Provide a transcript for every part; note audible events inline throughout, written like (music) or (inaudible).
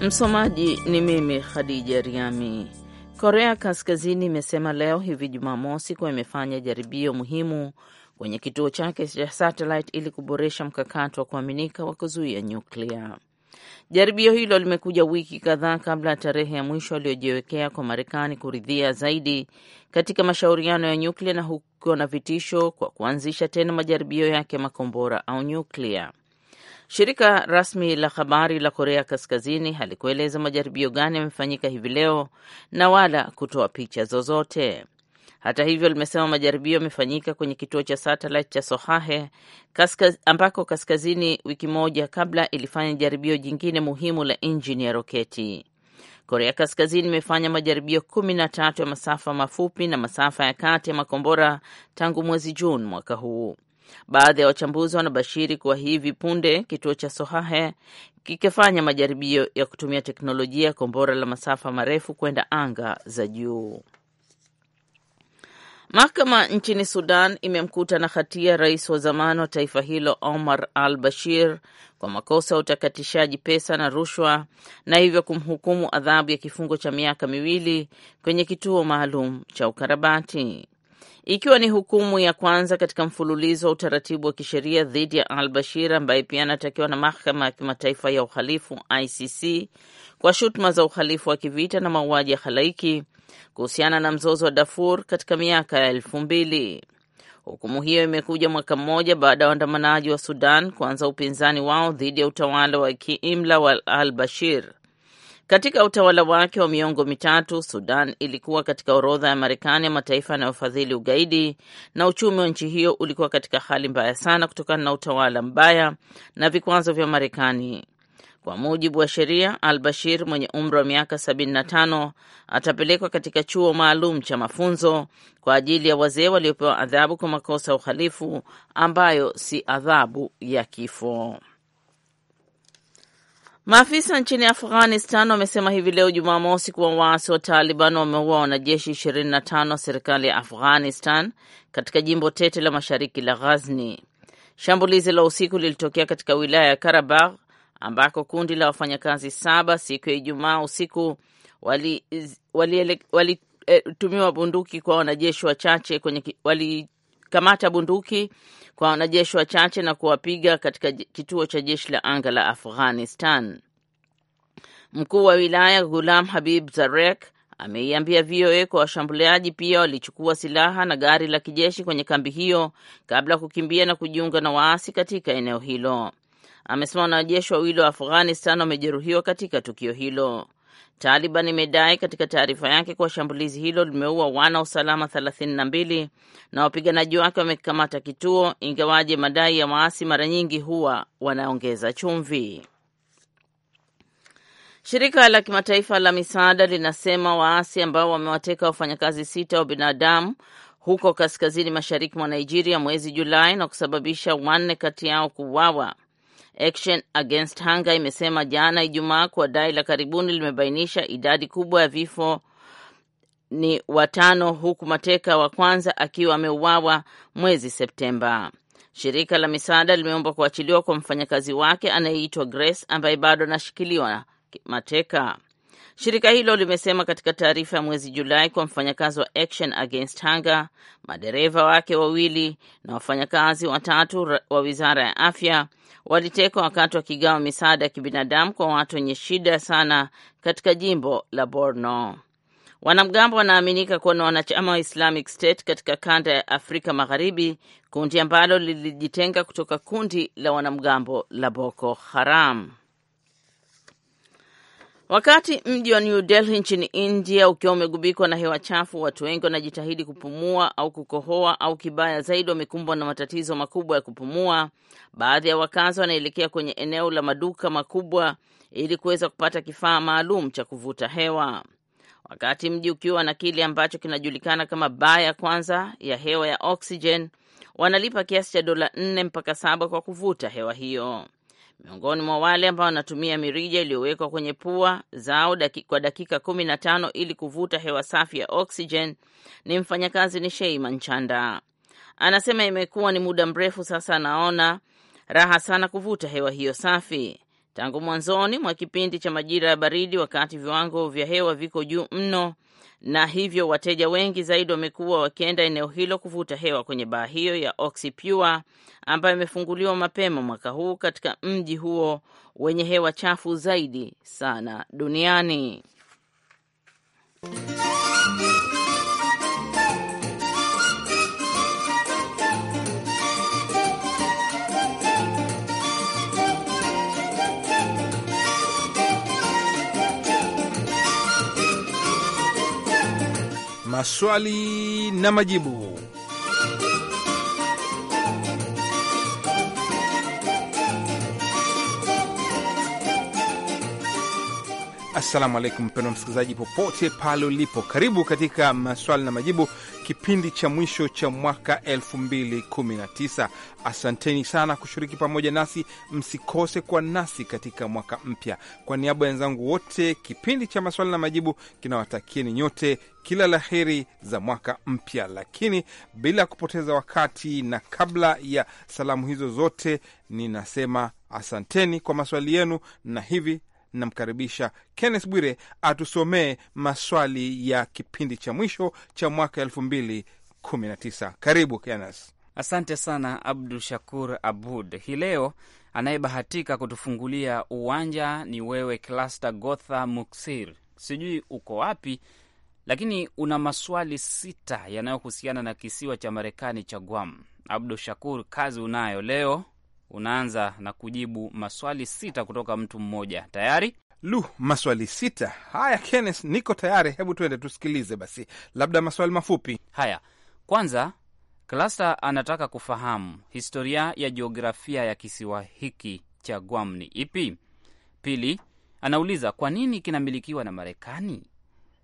Msomaji ni mimi Khadija Riami. Korea Kaskazini imesema leo hivi Jumamosi kuwa imefanya jaribio muhimu kwenye kituo chake cha satellite ili kuboresha mkakati wa kuaminika wa kuzuia nyuklia. Jaribio hilo limekuja wiki kadhaa kabla ya tarehe ya mwisho aliyojiwekea kwa Marekani kuridhia zaidi katika mashauriano ya nyuklia, na hukukiwa na vitisho kwa kuanzisha tena majaribio yake ya makombora au nyuklia. Shirika rasmi la habari la Korea Kaskazini halikueleza majaribio gani yamefanyika hivi leo na wala kutoa picha zozote. Hata hivyo, limesema majaribio yamefanyika kwenye kituo cha satellite cha Sohae kaskaz, ambako Kaskazini wiki moja kabla ilifanya jaribio jingine muhimu la injini ya roketi. Korea Kaskazini imefanya majaribio kumi na tatu ya masafa mafupi na masafa ya kati ya makombora tangu mwezi Juni mwaka huu. Baadhi ya wachambuzi wanabashiri kuwa hivi punde kituo cha Sohae kikifanya majaribio ya kutumia teknolojia ya kombora la masafa marefu kwenda anga za juu. Mahakama nchini Sudan imemkuta na hatia rais wa zamani wa taifa hilo Omar al Bashir kwa makosa ya utakatishaji pesa na rushwa na hivyo kumhukumu adhabu ya kifungo cha miaka miwili kwenye kituo maalum cha ukarabati ikiwa ni hukumu ya kwanza katika mfululizo wa utaratibu wa kisheria dhidi ya Al Bashir ambaye pia anatakiwa na mahakama ya kimataifa ya uhalifu ICC kwa shutuma za uhalifu wa kivita na mauaji ya halaiki kuhusiana na mzozo wa Darfur katika miaka ya elfu mbili. Hukumu hiyo imekuja mwaka mmoja baada ya waandamanaji wa Sudan kuanza upinzani wao dhidi ya utawala wa kiimla wa Al Bashir. Katika utawala wake wa miongo mitatu, Sudan ilikuwa katika orodha ya Marekani ya mataifa yanayofadhili ugaidi na uchumi wa nchi hiyo ulikuwa katika hali mbaya sana kutokana na utawala mbaya na vikwazo vya Marekani. Kwa mujibu wa sheria, Al Bashir mwenye umri wa miaka 75 atapelekwa katika chuo maalum cha mafunzo kwa ajili ya wazee waliopewa adhabu kwa makosa ya uhalifu ambayo si adhabu ya kifo. Maafisa nchini Afghanistan wamesema hivi leo Jumamosi kuwa waasi wa Taliban wameua wanajeshi 25 wa serikali ya Afghanistan katika jimbo tete la mashariki la Ghazni. Shambulizi la usiku lilitokea katika wilaya ya Karabagh ambako kundi la wafanyakazi saba siku ya Ijumaa usiku walitumiwa wali, wali, e, bunduki kwa wanajeshi wachache kwenye, wali kukamata bunduki kwa wanajeshi wachache na kuwapiga katika kituo cha jeshi la anga la Afghanistan. Mkuu wa wilaya Ghulam Habib Zarek ameiambia VOA kwa washambuliaji pia walichukua silaha na gari la kijeshi kwenye kambi hiyo kabla ya kukimbia na kujiunga na waasi katika eneo hilo. Amesema wanajeshi wawili wa Afghanistan wamejeruhiwa katika tukio hilo. Taliban imedai katika taarifa yake kuwa shambulizi hilo limeua wana usalama 32 na wapiganaji wake wamekamata kituo, ingawaje madai ya waasi mara nyingi huwa wanaongeza chumvi. Shirika la kimataifa la misaada linasema waasi ambao wamewateka wafanyakazi sita wa binadamu huko kaskazini mashariki mwa Nigeria mwezi Julai na kusababisha wanne kati yao kuuawa Action Against Hunger imesema jana Ijumaa kuwa dai la karibuni limebainisha idadi kubwa ya vifo ni watano, huku mateka wa kwanza akiwa ameuawa mwezi Septemba. Shirika la misaada limeomba kuachiliwa kwa mfanyakazi wake anayeitwa Grace ambaye bado anashikiliwa mateka. Shirika hilo limesema katika taarifa ya mwezi Julai kwa mfanyakazi wa Action Against Hunger, madereva wake wawili na wafanyakazi watatu wa wizara ya afya walitekwa wakati kigawa misaada ya kibinadamu kwa watu wenye shida sana katika jimbo la Borno. Wanamgambo wanaaminika kuwa na wanachama wa Islamic State katika kanda ya Afrika Magharibi, kundi ambalo lilijitenga kutoka kundi la wanamgambo la Boko Haram. Wakati mji wa New Delhi nchini India ukiwa umegubikwa na hewa chafu, watu wengi wanajitahidi kupumua au kukohoa au kibaya zaidi, wamekumbwa na matatizo makubwa ya kupumua. Baadhi ya wakazi wanaelekea kwenye eneo la maduka makubwa ili kuweza kupata kifaa maalum cha kuvuta hewa, wakati mji ukiwa na kile ambacho kinajulikana kama baa ya kwanza ya hewa ya oxygen. Wanalipa kiasi cha dola nne mpaka saba kwa kuvuta hewa hiyo miongoni mwa wale ambao wanatumia mirija iliyowekwa kwenye pua zao daki, kwa dakika kumi na tano ili kuvuta hewa safi ya oksijen ni mfanyakazi ni Sheima Nchanda. Anasema imekuwa ni muda mrefu sasa, anaona raha sana kuvuta hewa hiyo safi tangu mwanzoni mwa kipindi cha majira ya baridi, wakati viwango vya hewa viko juu mno na hivyo wateja wengi zaidi wamekuwa wakienda eneo hilo kuvuta hewa kwenye baa hiyo ya Oxypure ambayo imefunguliwa mapema mwaka huu katika mji huo wenye hewa chafu zaidi sana duniani. maswali na majibu. Assalamu alaikum mpendwa msikilizaji, popote pale ulipo, karibu katika maswali na majibu kipindi cha mwisho cha mwaka 2019. Asanteni sana kushiriki pamoja nasi, msikose kwa nasi katika mwaka mpya. Kwa niaba ya wenzangu wote, kipindi cha maswali na majibu kinawatakieni nyote kila laheri za mwaka mpya. Lakini bila kupoteza wakati, na kabla ya salamu hizo zote, ninasema asanteni kwa maswali yenu na hivi namkaribisha Kenneth Bwire atusomee maswali ya kipindi cha mwisho cha mwaka elfu mbili kumi na tisa. Karibu Kenneth. Asante sana Abdu Shakur Abud. Hii leo anayebahatika kutufungulia uwanja ni wewe klasta Gotha Muksir, sijui uko wapi, lakini una maswali sita yanayohusiana na kisiwa cha Marekani cha Guam. Abdu Shakur, kazi unayo leo unaanza na kujibu maswali sita kutoka mtu mmoja. Tayari? Lu, maswali sita haya. Kenneth, niko tayari. Hebu tuende tusikilize basi, labda maswali mafupi haya. Kwanza, Klasta anataka kufahamu historia ya jiografia ya kisiwa hiki cha Guam ni ipi? Pili, anauliza kwa nini kinamilikiwa na Marekani?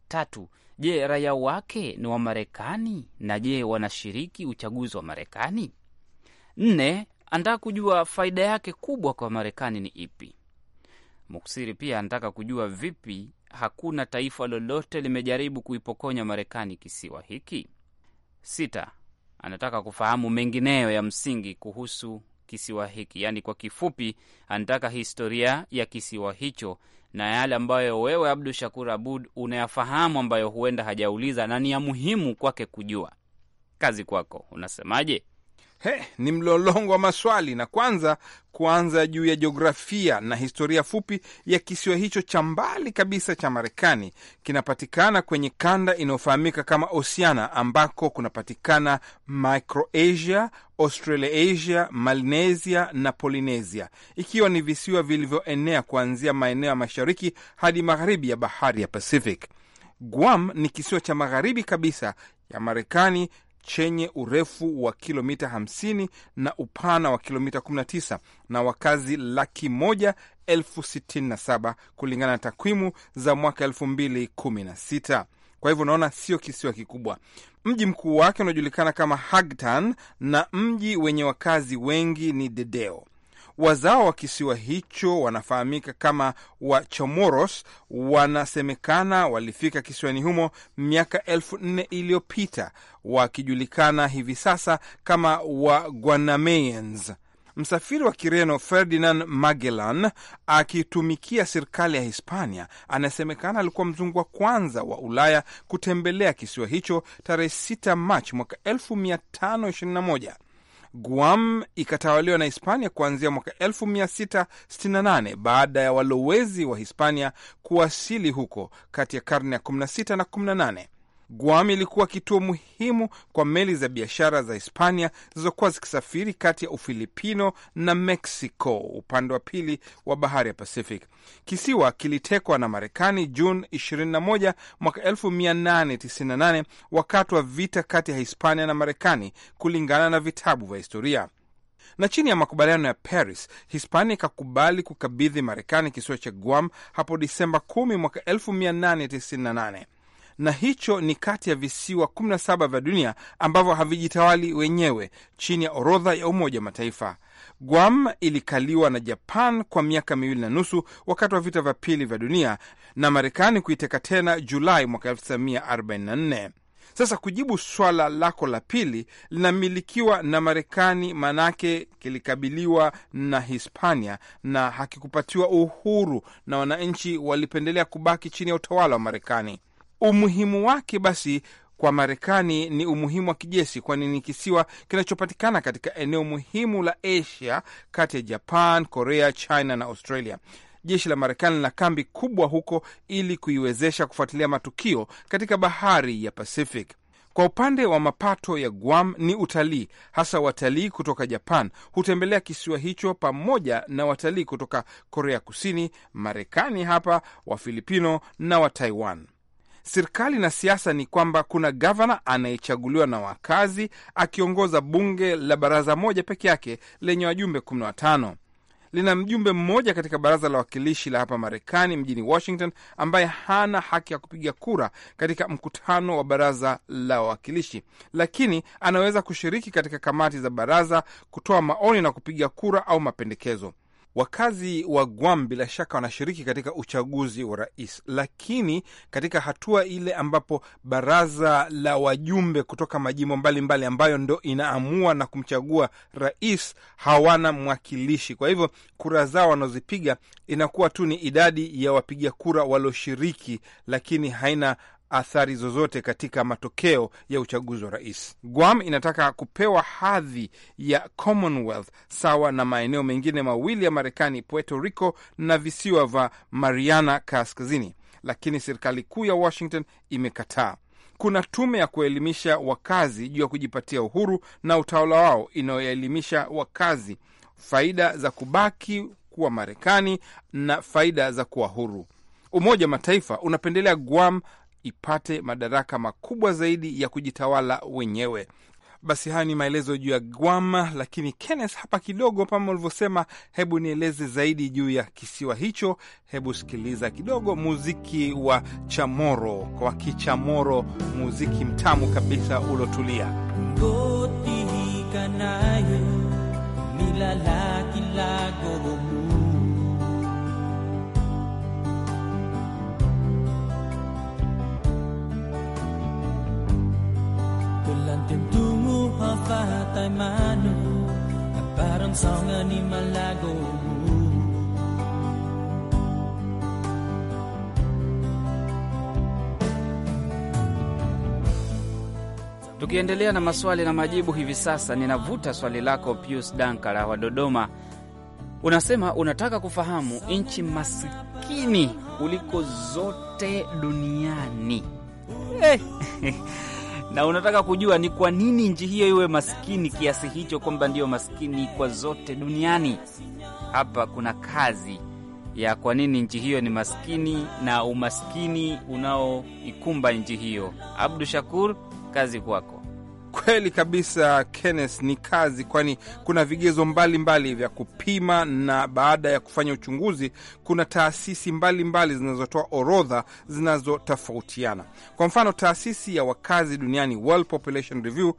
Tatu, je, raia wake ni wa Marekani na je, wanashiriki uchaguzi wa Marekani? Nne, anataka kujua faida yake kubwa kwa Marekani ni ipi. Muksiri pia anataka kujua vipi hakuna taifa lolote limejaribu kuipokonya Marekani kisiwa hiki. Sita, anataka kufahamu mengineyo ya msingi kuhusu kisiwa hiki, yaani kwa kifupi, anataka historia ya kisiwa hicho na yale ambayo wewe Abdu Shakur Abud unayafahamu ambayo huenda hajauliza na ni ya muhimu kwake kujua. Kazi kwako, unasemaje? He, ni mlolongo wa maswali na kwanza kuanza juu ya jiografia na historia fupi ya kisiwa hicho cha mbali kabisa cha Marekani. Kinapatikana kwenye kanda inayofahamika kama Oceania, ambako kunapatikana Microasia, Australasia, Melanesia na Polinesia, ikiwa ni visiwa vilivyoenea kuanzia maeneo ya mashariki hadi magharibi ya bahari ya Pacific. Guam ni kisiwa cha magharibi kabisa ya Marekani chenye urefu wa kilomita 50 na upana wa kilomita 19 na wakazi laki moja elfu sitini na saba kulingana na takwimu za mwaka 2016. Kwa hivyo unaona sio kisiwa kikubwa. Mji mkuu wake unajulikana kama Hagtan na mji wenye wakazi wengi ni Dedeo. Wazao wa kisiwa hicho wanafahamika kama Wachomoros, wanasemekana walifika kisiwani humo miaka elfu nne iliyopita wakijulikana hivi sasa kama Waguanamaeans. Msafiri wa Kireno Ferdinand Magellan akitumikia serikali ya Hispania anasemekana alikuwa mzungu wa kwanza wa Ulaya kutembelea kisiwa hicho tarehe 6 Machi mwaka 1521 Guam ikatawaliwa na Hispania kuanzia mwaka 1668 baada ya walowezi wa Hispania kuwasili huko kati ya karne ya 16 na 18. Guam ilikuwa kituo muhimu kwa meli za biashara za Hispania zilizokuwa zikisafiri kati ya Ufilipino na Mexico upande wa pili wa bahari ya Pacific. Kisiwa kilitekwa na Marekani Juni 21 mwaka 1898 wakati wa vita kati ya Hispania na Marekani, kulingana na vitabu vya historia na chini ya makubaliano ya Paris, Hispania ikakubali kukabidhi Marekani kisiwa cha Guam hapo Disemba 10 mwaka 1898 na hicho ni kati ya visiwa 17 vya dunia ambavyo havijitawali wenyewe chini ya orodha ya Umoja wa Mataifa. Guam ilikaliwa na Japan kwa miaka miwili na nusu wakati wa vita vya pili vya dunia na Marekani kuiteka tena Julai mwaka 1944. Sasa kujibu swala lako la pili, linamilikiwa na Marekani, manake kilikabiliwa na Hispania na hakikupatiwa uhuru, na wananchi walipendelea kubaki chini ya utawala wa Marekani. Umuhimu wake basi kwa Marekani ni umuhimu wa kijeshi, kwani ni kisiwa kinachopatikana katika eneo muhimu la Asia kati ya Japan, Korea, China na Australia. Jeshi la Marekani lina kambi kubwa huko ili kuiwezesha kufuatilia matukio katika bahari ya Pacific. Kwa upande wa mapato ya Guam ni utalii, hasa watalii kutoka Japan hutembelea kisiwa hicho pamoja na watalii kutoka Korea Kusini, Marekani hapa, Wafilipino na Wataiwan serikali na siasa ni kwamba kuna gavana anayechaguliwa na wakazi akiongoza bunge la baraza moja peke yake lenye wajumbe 15 lina mjumbe mmoja katika baraza la wakilishi la hapa Marekani mjini Washington, ambaye hana haki ya kupiga kura katika mkutano wa baraza la wawakilishi, lakini anaweza kushiriki katika kamati za baraza, kutoa maoni na kupiga kura au mapendekezo. Wakazi wa Guam bila shaka wanashiriki katika uchaguzi wa rais, lakini katika hatua ile ambapo baraza la wajumbe kutoka majimbo mbalimbali ambayo ndo inaamua na kumchagua rais hawana mwakilishi. Kwa hivyo kura zao wanazozipiga inakuwa tu ni idadi ya wapiga kura walioshiriki, lakini haina athari zozote katika matokeo ya uchaguzi wa rais. Guam inataka kupewa hadhi ya Commonwealth sawa na maeneo mengine mawili ya Marekani, Puerto Rico na visiwa vya Mariana Kaskazini, lakini serikali kuu ya Washington imekataa. Kuna tume ya kuelimisha wakazi juu ya kujipatia uhuru na utawala wao inayoelimisha wakazi faida za kubaki kuwa Marekani na faida za kuwa huru. Umoja wa Mataifa unapendelea Guam ipate madaraka makubwa zaidi ya kujitawala wenyewe. Basi haya ni maelezo juu ya Guam, lakini Kenneth, hapa kidogo, kama ulivyosema, hebu nieleze zaidi juu ya kisiwa hicho. Hebu sikiliza kidogo muziki wa chamoro kwa kichamoro muziki mtamu kabisa ulotulia ngoti hikanayo nilalaki la mano At parang ni malago Tukiendelea na maswali na majibu hivi sasa, ninavuta swali lako Pius Dankala wa Dodoma. Unasema unataka kufahamu nchi masikini kuliko zote duniani. (laughs) (laughs) na unataka kujua ni kwa nini nchi hiyo iwe maskini kiasi hicho, kwamba ndiyo maskini kwa zote duniani. Hapa kuna kazi ya kwa nini nchi hiyo ni maskini na umaskini unaoikumba nchi hiyo. Abdu Shakur, kazi kwako kweli kabisa Kenneth, ni kazi, kwani kuna vigezo mbalimbali vya kupima, na baada ya kufanya uchunguzi, kuna taasisi mbalimbali zinazotoa orodha zinazotofautiana. Kwa mfano, taasisi ya wakazi duniani World Population Review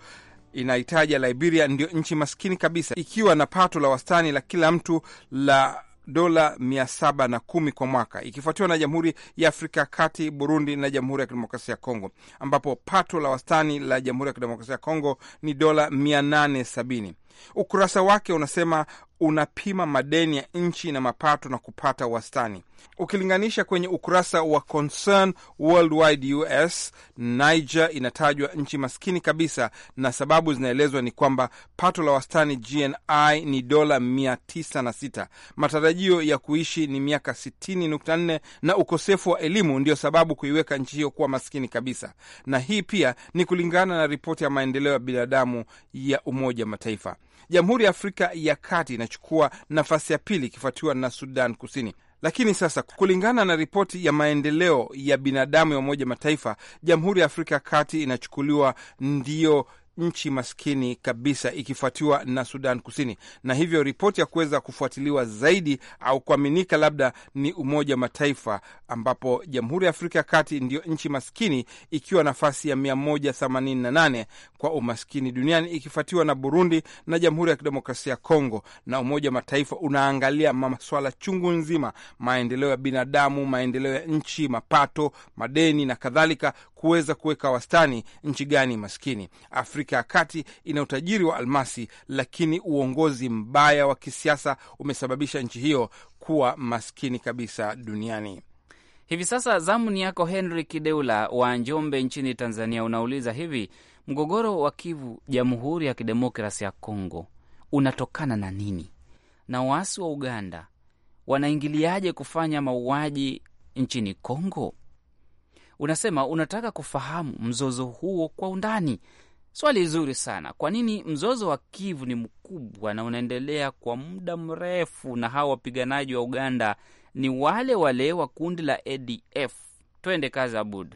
inahitaja Liberia ndio nchi maskini kabisa, ikiwa na pato la wastani la kila mtu la dola 710 kwa mwaka, ikifuatiwa na Jamhuri ya Afrika ya Kati, Burundi na Jamhuri ya Kidemokrasia ya Kongo, ambapo pato la wastani la Jamhuri ya Kidemokrasia ya Kongo ni dola 870. Ukurasa wake unasema unapima madeni ya nchi na mapato na kupata wastani. Ukilinganisha kwenye ukurasa wa Concern Worldwide US, Niger inatajwa nchi maskini kabisa, na sababu zinaelezwa ni kwamba pato la wastani GNI ni dola 906, matarajio ya kuishi ni miaka 60.4, na ukosefu wa elimu ndio sababu kuiweka nchi hiyo kuwa maskini kabisa. Na hii pia ni kulingana na ripoti ya maendeleo ya binadamu ya Umoja wa Mataifa. Jamhuri ya Afrika ya Kati inachukua nafasi ya pili ikifuatiwa na Sudan Kusini. Lakini sasa kulingana na ripoti ya maendeleo ya binadamu ya Umoja Mataifa, Jamhuri ya Afrika ya Kati inachukuliwa ndio nchi maskini kabisa ikifuatiwa na Sudan Kusini, na hivyo ripoti ya kuweza kufuatiliwa zaidi au kuaminika labda ni Umoja wa Mataifa, ambapo Jamhuri ya Afrika ya Kati ndiyo nchi maskini ikiwa nafasi ya 188 kwa umaskini duniani ikifuatiwa na Burundi na Jamhuri ya Kidemokrasia ya Kongo. Na Umoja wa Mataifa unaangalia maswala chungu nzima, maendeleo ya binadamu, maendeleo ya nchi, mapato, madeni na kadhalika kuweza kuweka wastani nchi gani maskini. Afrika ya Kati ina utajiri wa almasi, lakini uongozi mbaya wa kisiasa umesababisha nchi hiyo kuwa maskini kabisa duniani. Hivi sasa zamu ni yako Henry Kideula wa Njombe nchini Tanzania. Unauliza hivi, mgogoro wa Kivu, Jamhuri ya Kidemokrasi ya Kongo unatokana na nini, na waasi wa Uganda wanaingiliaje kufanya mauaji nchini Kongo? unasema unataka kufahamu mzozo huo kwa undani. Swali zuri sana. Kwa nini mzozo wa Kivu ni mkubwa na unaendelea kwa muda mrefu, na hawa wapiganaji wa Uganda ni wale wale wa kundi la ADF? Twende kazi, Abud.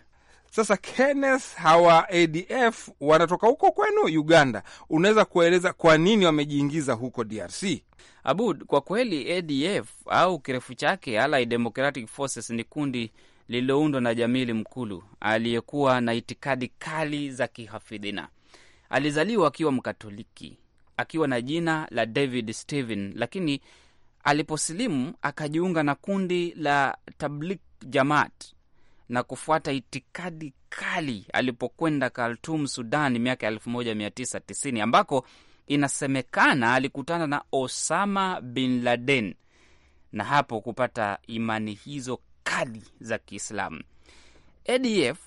Sasa Kenneth, hawa ADF wanatoka huko kwenu Uganda, unaweza kueleza kwa nini wamejiingiza huko DRC? Abud, kwa kweli ADF au kirefu chake Allied Democratic Forces ni kundi lililoundwa na Jamili Mkulu aliyekuwa na itikadi kali za kihafidhina. Alizaliwa akiwa Mkatoliki, akiwa na jina la David steven lakini aliposilimu akajiunga na kundi la Tablik Jamaat na kufuata itikadi kali alipokwenda Khartoum, Sudan, miaka 1990 ambako inasemekana alikutana na Osama bin Laden na hapo kupata imani hizo kali za Kiislamu. ADF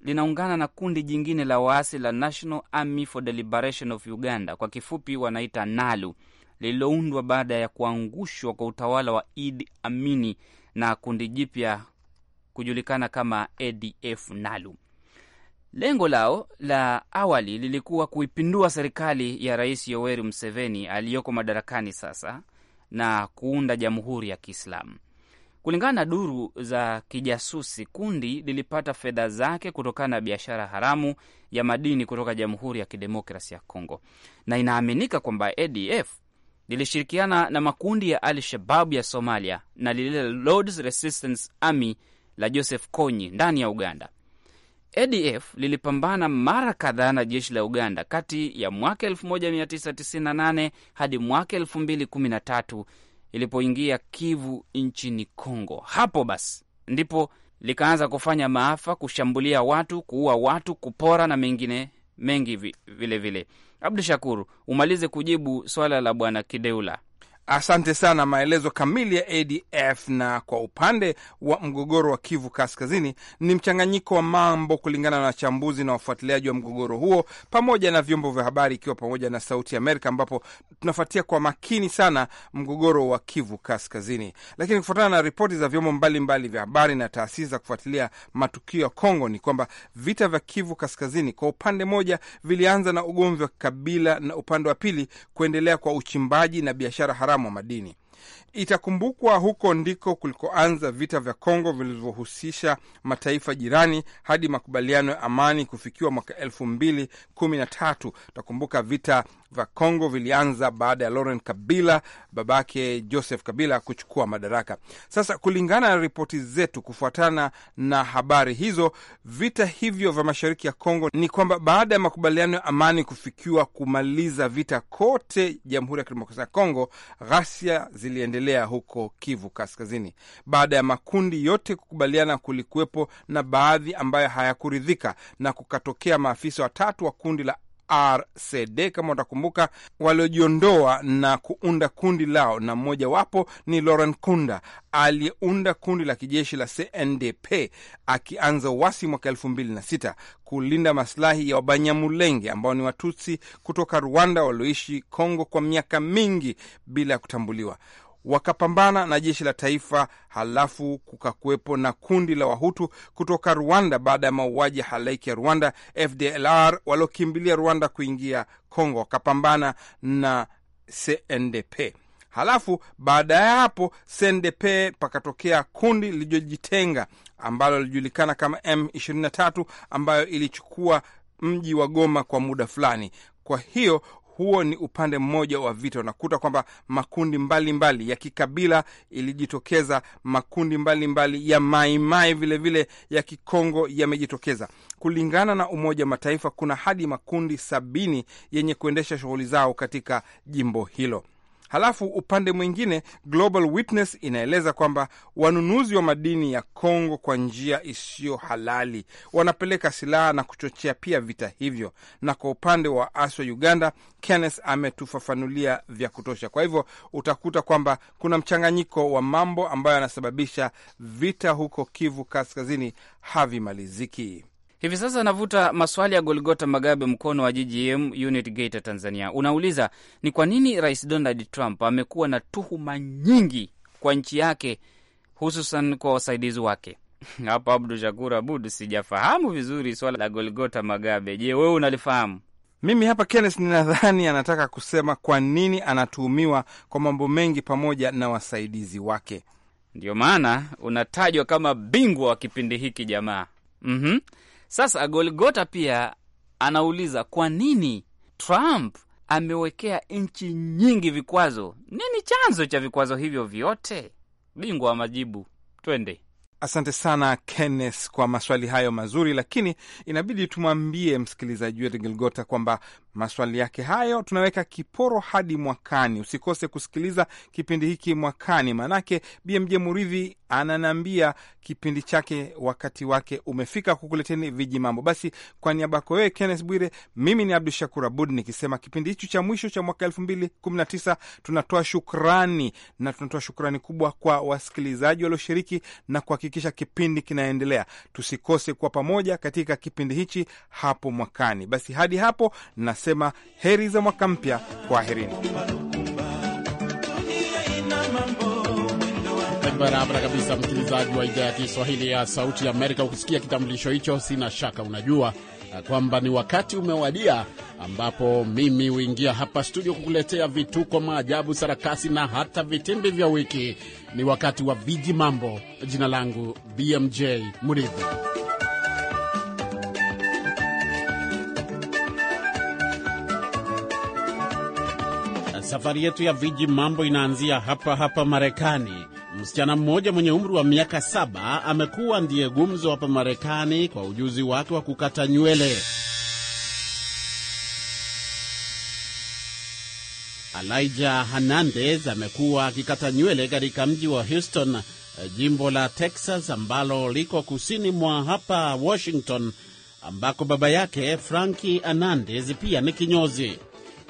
linaungana na kundi jingine la waasi la National Army for the Liberation of Uganda, kwa kifupi wanaita NALU, lililoundwa baada ya kuangushwa kwa utawala wa Idi Amini na kundi jipya kujulikana kama ADF NALU. Lengo lao la awali lilikuwa kuipindua serikali ya Rais Yoweri Museveni aliyoko madarakani sasa na kuunda jamhuri ya Kiislamu. Kulingana na duru za kijasusi, kundi lilipata fedha zake kutokana na biashara haramu ya madini kutoka Jamhuri ya Kidemokrasi ya congo na inaaminika kwamba ADF lilishirikiana na makundi ya Al Shababu ya Somalia na lile Lords Resistance Army la Joseph Kony ndani ya Uganda. ADF lilipambana mara kadhaa na jeshi la Uganda kati ya mwaka 1998 hadi mwaka 2013 ilipoingia Kivu nchini congo Hapo basi ndipo likaanza kufanya maafa, kushambulia watu, kuua watu, kupora na mengine mengi vilevile. Abdu Shakuru, umalize kujibu swala la bwana Kideula. Asante sana maelezo kamili ya ADF. Na kwa upande wa mgogoro wa Kivu Kaskazini, ni mchanganyiko wa mambo kulingana na wachambuzi na wafuatiliaji wa mgogoro huo, pamoja na vyombo vya habari, ikiwa pamoja na Sauti ya Amerika, ambapo tunafuatia kwa makini sana mgogoro wa Kivu Kaskazini. Lakini kufuatana na ripoti za vyombo mbalimbali vya habari na taasisi za kufuatilia matukio ya Kongo, ni kwamba vita vya Kivu Kaskazini kwa upande moja vilianza na ugomvi wa kikabila, na upande wa pili kuendelea kwa uchimbaji na biashara haramu haramu wa madini. Itakumbukwa huko ndiko kulikoanza vita vya Kongo vilivyohusisha mataifa jirani hadi makubaliano ya amani kufikiwa mwaka elfu mbili kumi na tatu. Utakumbuka vita vya Kongo vilianza baada ya Laurent Kabila, babake Joseph Kabila, kuchukua madaraka. Sasa kulingana na ripoti zetu, kufuatana na habari hizo, vita hivyo vya mashariki ya Kongo ni kwamba baada ya makubaliano ya amani kufikiwa kumaliza vita kote Jamhuri ya Kidemokrasia ya Kongo, ghasia ziliendelea huko Kivu Kaskazini. Baada ya makundi yote kukubaliana, kulikuwepo na baadhi ambayo hayakuridhika na kukatokea maafisa watatu wa kundi la RCD kama utakumbuka, waliojiondoa na kuunda kundi lao, na mmoja wapo ni Laurent Kunda aliyeunda kundi la kijeshi la CNDP akianza uasi mwaka elfu mbili na sita kulinda masilahi ya Wabanyamulenge ambao ni Watutsi kutoka Rwanda walioishi Kongo kwa miaka mingi bila ya kutambuliwa wakapambana na jeshi la taifa, halafu kukakuwepo na kundi la wahutu kutoka Rwanda baada ya mauaji ya halaiki ya Rwanda, FDLR waliokimbilia Rwanda kuingia Kongo, wakapambana na CNDP. Halafu baada ya hapo CNDP pakatokea kundi lilijojitenga ambalo lilijulikana kama M23 ambayo ilichukua mji wa Goma kwa muda fulani. Kwa hiyo huo ni upande mmoja wa vita. Unakuta kwamba makundi mbalimbali mbali ya kikabila ilijitokeza, makundi mbalimbali mbali ya maimai vilevile ya kikongo yamejitokeza. Kulingana na Umoja wa Mataifa, kuna hadi makundi sabini yenye kuendesha shughuli zao katika jimbo hilo. Halafu upande mwingine, Global Witness inaeleza kwamba wanunuzi wa madini ya Kongo kwa njia isiyo halali wanapeleka silaha na kuchochea pia vita hivyo. Na kwa upande wa waasi wa Uganda, Kenneth ametufafanulia vya kutosha. Kwa hivyo utakuta kwamba kuna mchanganyiko wa mambo ambayo yanasababisha vita huko Kivu Kaskazini havimaliziki. Hivi sasa anavuta maswali ya Golgota Magabe, mkono wa GGM unit gate Tanzania. Unauliza, ni kwa nini Rais Donald Trump amekuwa na tuhuma nyingi kwa nchi yake, hususan kwa wasaidizi wake? (laughs) Hapa Abdu Shakur Abud, sijafahamu vizuri swala la Golgota Magabe. Je, wewe unalifahamu? Mimi hapa Kenneth, ninadhani anataka kusema kwa nini anatuhumiwa kwa mambo mengi pamoja na wasaidizi wake. Ndio maana unatajwa kama bingwa wa kipindi hiki jamaa. mm -hmm. Sasa Golgota pia anauliza kwa nini Trump amewekea nchi nyingi vikwazo? Nini chanzo cha vikwazo hivyo vyote? Bingwa wa majibu, twende. Asante sana Kenneth kwa maswali hayo mazuri, lakini inabidi tumwambie msikilizaji wetu Gilgota kwamba Maswali yake hayo tunaweka kiporo hadi mwakani. Usikose kusikiliza kipindi hiki mwakani, maanake BMJ Muridhi ananiambia kipindi chake wakati wake umefika kukuleteni viji mambo. Basi kwa niaba yako wewe Kennes Bwire, mimi ni Abdu Shakur Abud nikisema kipindi hichi cha mwisho cha mwaka elfu mbili kumi na tisa tunatoa shukrani na tunatoa shukrani kubwa kwa wasikilizaji walioshiriki na kuhakikisha kipindi kinaendelea. Tusikose kuwa pamoja katika kipindi hichi hapo mwakani. Basi hadi hapo na tunasema heri za mwaka mpya, kwaherini. Barabara kabisa, msikilizaji wa idhaa ya Kiswahili ya Sauti ya Amerika. Ukisikia kitambulisho hicho, sina shaka unajua eh, kwamba ni wakati umewadia ambapo mimi huingia hapa studio kukuletea vituko, maajabu, sarakasi na hata vitimbi vya wiki. Ni wakati wa viji mambo. Jina langu BMJ Muridhi. Safari yetu ya viji mambo inaanzia hapa hapa Marekani. Msichana mmoja mwenye umri wa miaka saba amekuwa ndiye gumzo hapa Marekani kwa ujuzi wake wa kukata nywele. Elijah Hernandez amekuwa akikata nywele katika mji wa Houston, eh, jimbo la Texas ambalo liko kusini mwa hapa Washington, ambako baba yake Frankie Hernandez pia ni kinyozi.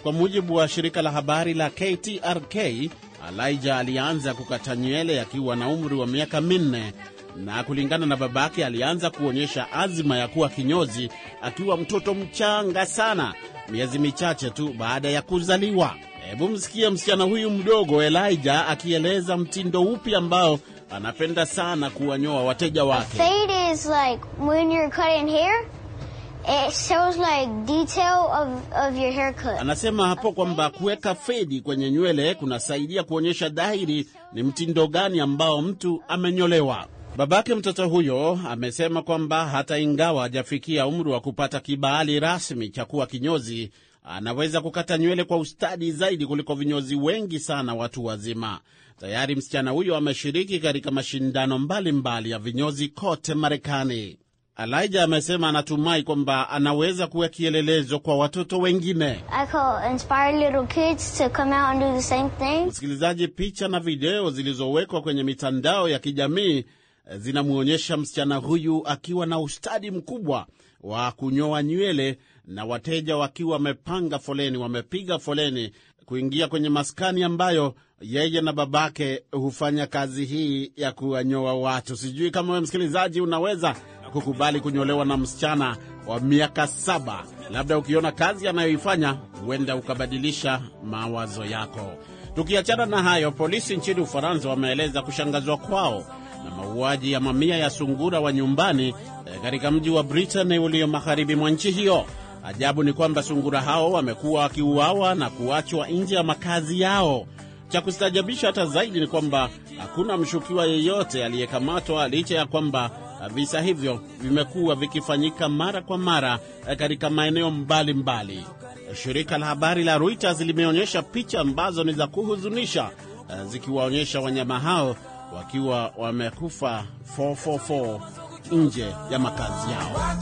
Kwa mujibu wa shirika la habari la KTRK, Alaija alianza kukata nywele akiwa na umri wa miaka minne na kulingana na babake alianza kuonyesha azima ya kuwa kinyozi akiwa mtoto mchanga sana, miezi michache tu baada ya kuzaliwa. Hebu msikie msichana huyu mdogo elaija akieleza mtindo upi ambao anapenda sana kuwanyoa wateja wake. It shows like detail of, of your haircut. Anasema hapo kwamba kuweka fedi kwenye nywele kunasaidia kuonyesha dhahiri ni mtindo gani ambao mtu amenyolewa. Babake mtoto huyo amesema kwamba hata ingawa hajafikia umri wa kupata kibali rasmi cha kuwa kinyozi, anaweza kukata nywele kwa ustadi zaidi kuliko vinyozi wengi sana watu wazima. Tayari msichana huyo ameshiriki katika mashindano mbalimbali mbali ya vinyozi kote Marekani. Alaija amesema anatumai kwamba anaweza kuwa kielelezo kwa watoto wengine. Msikilizaji, picha na video zilizowekwa kwenye mitandao ya kijamii eh, zinamwonyesha msichana huyu akiwa na ustadi mkubwa wa kunyoa nywele na wateja wakiwa wamepanga foleni, wamepiga foleni kuingia kwenye maskani ambayo yeye na babake hufanya kazi hii ya kuwanyoa watu. Sijui kama wewe msikilizaji unaweza kukubali kunyolewa na msichana wa miaka saba. Labda ukiona kazi anayoifanya huenda ukabadilisha mawazo yako. Tukiachana na hayo, polisi nchini Ufaransa wameeleza kushangazwa kwao na mauaji ya mamia ya sungura wa nyumbani eh, katika mji wa Britani ulio magharibi mwa nchi hiyo. Ajabu ni kwamba sungura hao wamekuwa wakiuawa na kuachwa nje ya makazi yao. Cha kustajabisha hata zaidi ni kwamba hakuna mshukiwa yeyote aliyekamatwa licha ya kwamba visa hivyo vimekuwa vikifanyika mara kwa mara eh, katika maeneo mbalimbali. Shirika la habari la Reuters limeonyesha picha ambazo ni za kuhuzunisha eh, zikiwaonyesha wanyama hao wakiwa wamekufa 444 nje ya makazi yao.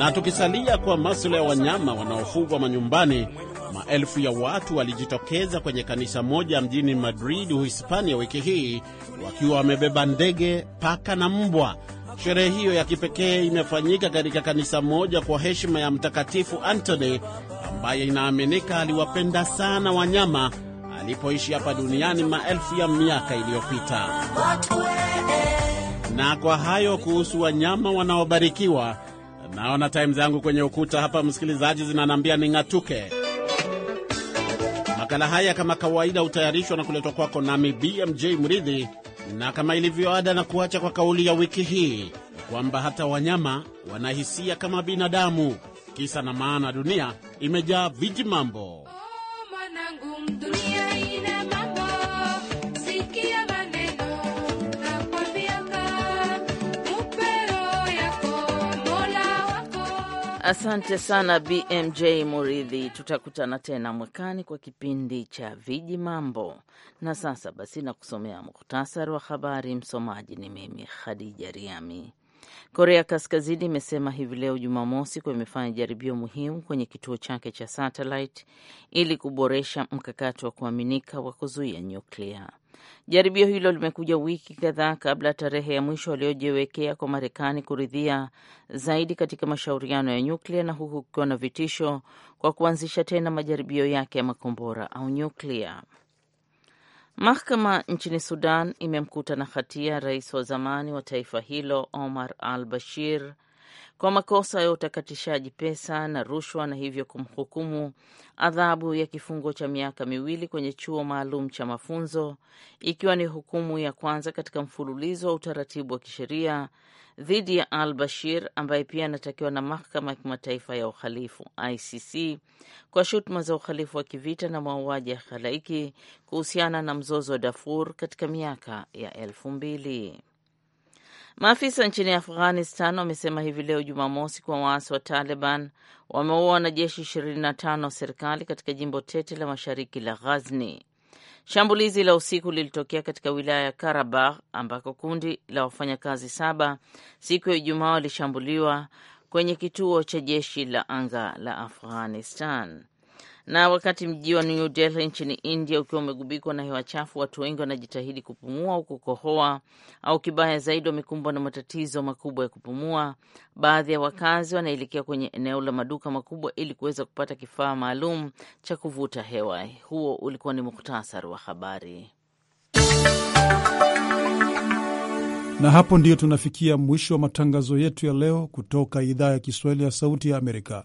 Na tukisalia kwa masuala ya wanyama wanaofugwa manyumbani, maelfu ya watu walijitokeza kwenye kanisa moja mjini Madrid, Uhispania, wiki hii wakiwa wamebeba ndege, paka na mbwa. Sherehe hiyo ya kipekee imefanyika katika kanisa moja kwa heshima ya Mtakatifu Antony ambaye inaaminika aliwapenda sana wanyama alipoishi hapa duniani maelfu ya miaka iliyopita. Na kwa hayo kuhusu wanyama wanaobarikiwa Naona time zangu kwenye ukuta hapa, msikilizaji, zinanambia ning'atuke. Makala haya kama kawaida hutayarishwa na kuletwa kwako nami BMJ Mridhi, na kama ilivyoada na kuacha kwa kauli ya wiki hii kwamba hata wanyama wanahisia kama binadamu. Kisa na maana, dunia imejaa viji mambo. Oh, Asante sana BMJ Muridhi, tutakutana tena mwakani kwa kipindi cha viji mambo. Na sasa basi, na kusomea muhtasari wa habari. Msomaji ni mimi Khadija Riami. Korea Kaskazini imesema hivi leo Jumamosi kuwa imefanya jaribio muhimu kwenye kituo chake cha satellite ili kuboresha mkakati wa kuaminika wa kuzuia nyuklia. Jaribio hilo limekuja wiki kadhaa kabla ya tarehe ya mwisho waliojiwekea kwa Marekani kuridhia zaidi katika mashauriano ya nyuklia, na huku kukiwa na vitisho kwa kuanzisha tena majaribio yake ya makombora au nyuklia. Mahakama nchini Sudan imemkuta na hatia rais wa zamani wa taifa hilo Omar al Bashir kwa makosa ya utakatishaji pesa na rushwa na hivyo kumhukumu adhabu ya kifungo cha miaka miwili kwenye chuo maalum cha mafunzo, ikiwa ni hukumu ya kwanza katika mfululizo wa utaratibu wa kisheria dhidi ya Al Bashir ambaye pia anatakiwa na mahakama ya kimataifa ya uhalifu ICC kwa shutuma za uhalifu wa kivita na mauaji ya halaiki kuhusiana na mzozo wa Darfur katika miaka ya elfu mbili. Maafisa nchini Afghanistan wamesema hivi leo Jumamosi kwa waasi wa Taliban wameua wanajeshi 25 wa serikali katika jimbo tete la mashariki la Ghazni. Shambulizi la usiku lilitokea katika wilaya ya Karabakh ambako kundi la wafanyakazi saba siku ya Ijumaa walishambuliwa kwenye kituo cha jeshi la anga la Afghanistan. Na wakati mji wa New Delhi nchini India ukiwa umegubikwa na hewa chafu, watu wengi wanajitahidi kupumua au kukohoa, au kibaya zaidi, wamekumbwa na matatizo makubwa ya kupumua. Baadhi ya wakazi wanaelekea kwenye eneo la maduka makubwa ili kuweza kupata kifaa maalum cha kuvuta hewa. Huo ulikuwa ni muktasari wa habari. Na hapo ndio tunafikia mwisho wa matangazo yetu ya leo kutoka idhaa ya Kiswahili ya Sauti ya Amerika.